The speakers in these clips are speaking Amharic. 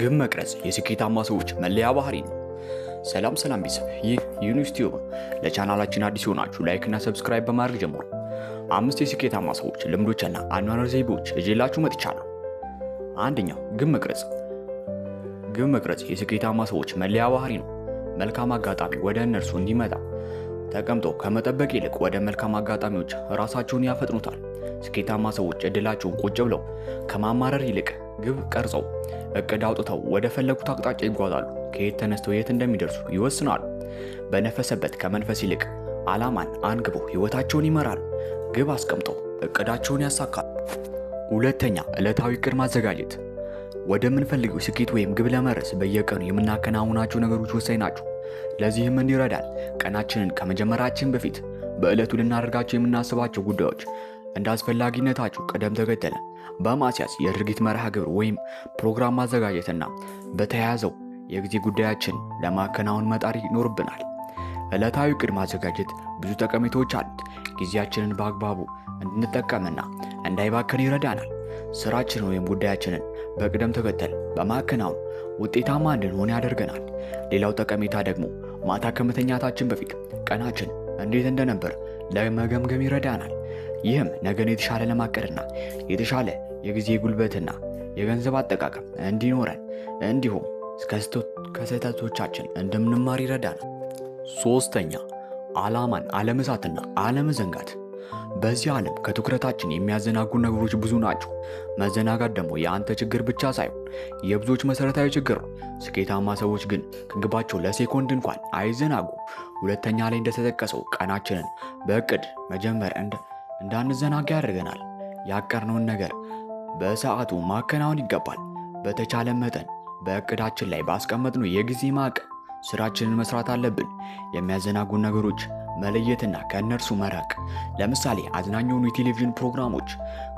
ግብ መቅረጽ የስኬታማ ሰዎች መለያ ባህሪ ነው። ሰላም ሰላም ቤተሰብ፣ ይህ ዩኒቨርሲቲ ቲዩብ። ለቻናላችን አዲስ የሆናችሁ ላይክ እና ሰብስክራይብ በማድረግ ጀምሩ። አምስት የስኬታማ ሰዎች ልምዶችና አኗኗር እጅላችሁ መጥቻ ነው አንደኛው ግብ መቅረጽ። ግብ መቅረጽ የስኬታማ ሰዎች መለያ ባህሪ ነው። መልካም አጋጣሚ ወደ እነርሱ እንዲመጣ ተቀምጦ ከመጠበቅ ይልቅ ወደ መልካም አጋጣሚዎች ራሳቸውን ያፈጥኑታል። ስኬታማ ሰዎች እድላቸውን ቁጭ ብለው ከማማረር ይልቅ ግብ ቀርጸው እቅድ አውጥተው ወደ ፈለጉት አቅጣጫ ይጓዛሉ። ከየት ተነስተው የት እንደሚደርሱ ይወስናሉ። በነፈሰበት ከመንፈስ ይልቅ ዓላማን አንግበው ሕይወታቸውን ይመራሉ። ግብ አስቀምጠው እቅዳቸውን ያሳካሉ። ሁለተኛ፣ ዕለታዊ እቅድ ማዘጋጀት። ወደምንፈልገው ስኬት ወይም ግብ ለመድረስ በየቀኑ የምናከናውናቸው ነገሮች ወሳኝ ናቸው። ለዚህም እንዲረዳል ቀናችንን ከመጀመራችን በፊት በዕለቱ ልናደርጋቸው የምናስባቸው ጉዳዮች እንደ አስፈላጊነታችሁ ቅደም ተከተለ በማስያዝ የድርጊት መርሃ ግብር ወይም ፕሮግራም ማዘጋጀትና በተያያዘው የጊዜ ጉዳያችን ለማከናወን መጣር ይኖርብናል። ዕለታዊ ቅድ ማዘጋጀት ብዙ ጠቀሜታዎች አሉት። ጊዜያችንን በአግባቡ እንድንጠቀምና እንዳይባከን ይረዳናል። ስራችንን ወይም ጉዳያችንን በቅደም ተከተል በማከናወን ውጤታማ እንድንሆን ያደርገናል። ሌላው ጠቀሜታ ደግሞ ማታ ከመተኛታችን በፊት ቀናችን እንዴት እንደነበር ለመገምገም ይረዳናል። ይህም ነገን የተሻለ ለማቀድና የተሻለ የጊዜ ጉልበትና የገንዘብ አጠቃቀም እንዲኖረን እንዲሁም ከስህተቶቻችን እንደምንማር ይረዳናል። ሶስተኛ ዓላማን አለመሳትና አለመዘንጋት በዚህ ዓለም ከትኩረታችን የሚያዘናጉ ነገሮች ብዙ ናቸው። መዘናጋት ደግሞ የአንተ ችግር ብቻ ሳይሆን የብዙዎች መሰረታዊ ችግር ነው። ስኬታማ ሰዎች ግን ከግባቸው ለሴኮንድ እንኳን አይዘናጉ። ሁለተኛ ላይ እንደተጠቀሰው ቀናችንን በእቅድ መጀመር እንዳንዘናጋ ያደርገናል። ያቀርነውን ነገር በሰዓቱ ማከናወን ይገባል። በተቻለ መጠን በእቅዳችን ላይ ባስቀመጥነው የጊዜ ማዕቀፍ ስራችንን መስራት አለብን። የሚያዘናጉን ነገሮች መለየትና ከእነርሱ መራቅ። ለምሳሌ አዝናኝ የሆኑ የቴሌቪዥን ፕሮግራሞች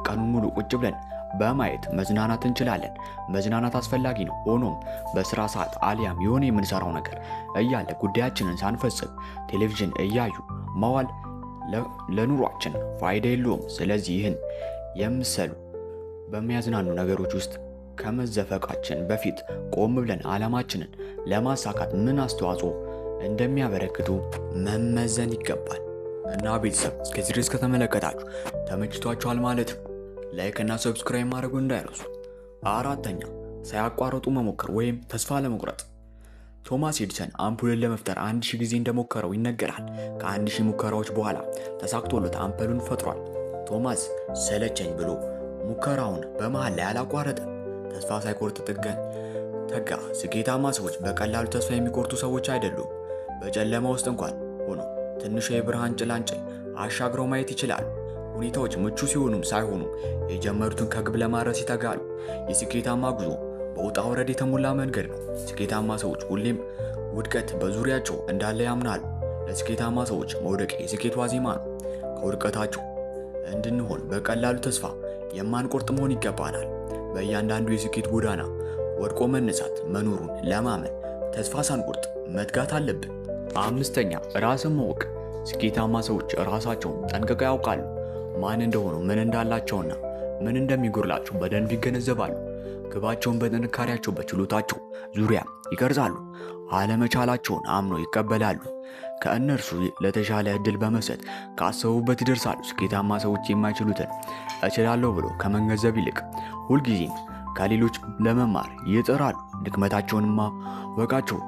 ቀኑን ሙሉ ቁጭ ብለን በማየት መዝናናት እንችላለን። መዝናናት አስፈላጊ ነው። ሆኖም በስራ ሰዓት አሊያም የሆነ የምንሰራው ነገር እያለ ጉዳያችንን ሳንፈጽም ቴሌቪዥን እያዩ መዋል ለኑሯችን ፋይዳ የለውም። ስለዚህ ይህን የምሰሉ በሚያዝናኑ ነገሮች ውስጥ ከመዘፈቃችን በፊት ቆም ብለን ዓላማችንን ለማሳካት ምን አስተዋጽኦ እንደሚያበረክቱ መመዘን ይገባል። እና ቤተሰብ እስከዚህ ድረስ ከተመለከታችሁ ተመችቷችኋል ነው። ላይክ እና ሰብስክራይብ ማድረጉ እንዳይረሱ። አራተኛ ሳያቋረጡ መሞከር ወይም ተስፋ ለመቁረጥ ቶማስ ኤዲሰን አምፑልን ለመፍጠር አንድ ሺህ ጊዜ እንደሞከረው ይነገራል። ከአንድ ሺህ ሙከራዎች በኋላ ተሳክቶለት አምፐሉን ፈጥሯል። ቶማስ ሰለቸኝ ብሎ ሙከራውን በመሃል ላይ አላቋረጠ። ተስፋ ሳይቆርጥ ጥገን ተጋ። ስኬታማ ሰዎች በቀላሉ ተስፋ የሚቆርጡ ሰዎች አይደሉም። በጨለማ ውስጥ እንኳን ሆኖ ትንሹ የብርሃን ጭላንጭል አሻግረው ማየት ይችላል። ሁኔታዎች ምቹ ሲሆኑም ሳይሆኑም የጀመሩትን ከግብ ለማድረስ ይተጋሉ። የስኬታማ ጉዞ በውጣ ውረድ የተሞላ መንገድ ነው። ስኬታማ ሰዎች ሁሌም ውድቀት በዙሪያቸው እንዳለ ያምናሉ። ለስኬታማ ሰዎች መውደቅ የስኬት ዋዜማ ነው። ከውድቀታቸው እንድንሆን በቀላሉ ተስፋ የማንቆርጥ መሆን ይገባናል። በእያንዳንዱ የስኬት ጎዳና ወድቆ መነሳት መኖሩን ለማመን ተስፋ ሳንቆርጥ መትጋት አለብን። አምስተኛ ራስን ማወቅ። ስኬታማ ሰዎች ራሳቸውን ጠንቅቀው ያውቃሉ። ማን እንደሆኑ፣ ምን እንዳላቸውና ምን እንደሚጎድላቸው በደንብ ይገነዘባሉ። ግባቸውን በጥንካሬያቸው፣ በችሎታቸው ዙሪያ ይቀርጻሉ። አለመቻላቸውን አምኖ ይቀበላሉ። ከእነርሱ ለተሻለ እድል በመስጠት ካሰቡበት ይደርሳሉ። ስኬታማ ሰዎች የማይችሉትን እችላለሁ ብሎ ከመገንዘብ ይልቅ ሁልጊዜም ከሌሎች ለመማር ይጥራሉ። ድክመታቸውን ማወቃቸው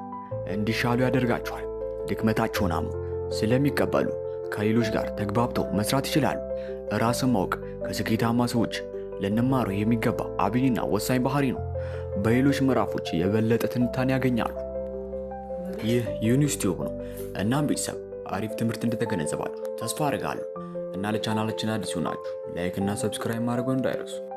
እንዲሻሉ ያደርጋቸዋል። ድክመታቸውን አምነው ስለሚቀበሉ ከሌሎች ጋር ተግባብተው መስራት ይችላሉ። ራስን ማወቅ ከስኬታማ ሰዎች ልንማረው የሚገባ አብይና ወሳኝ ባህሪ ነው። በሌሎች ምዕራፎች የበለጠ ትንታኔ ያገኛሉ። ይህ ዩኒስቲዩብ ነው። እናም ቤተሰብ አሪፍ ትምህርት እንደተገነዘባችሁ ተስፋ አድርጋለሁ እና ለቻናላችን አዲስ ሆናችሁ ላይክ እና ሰብስክራይብ ማድረጉን እንዳይረሱ።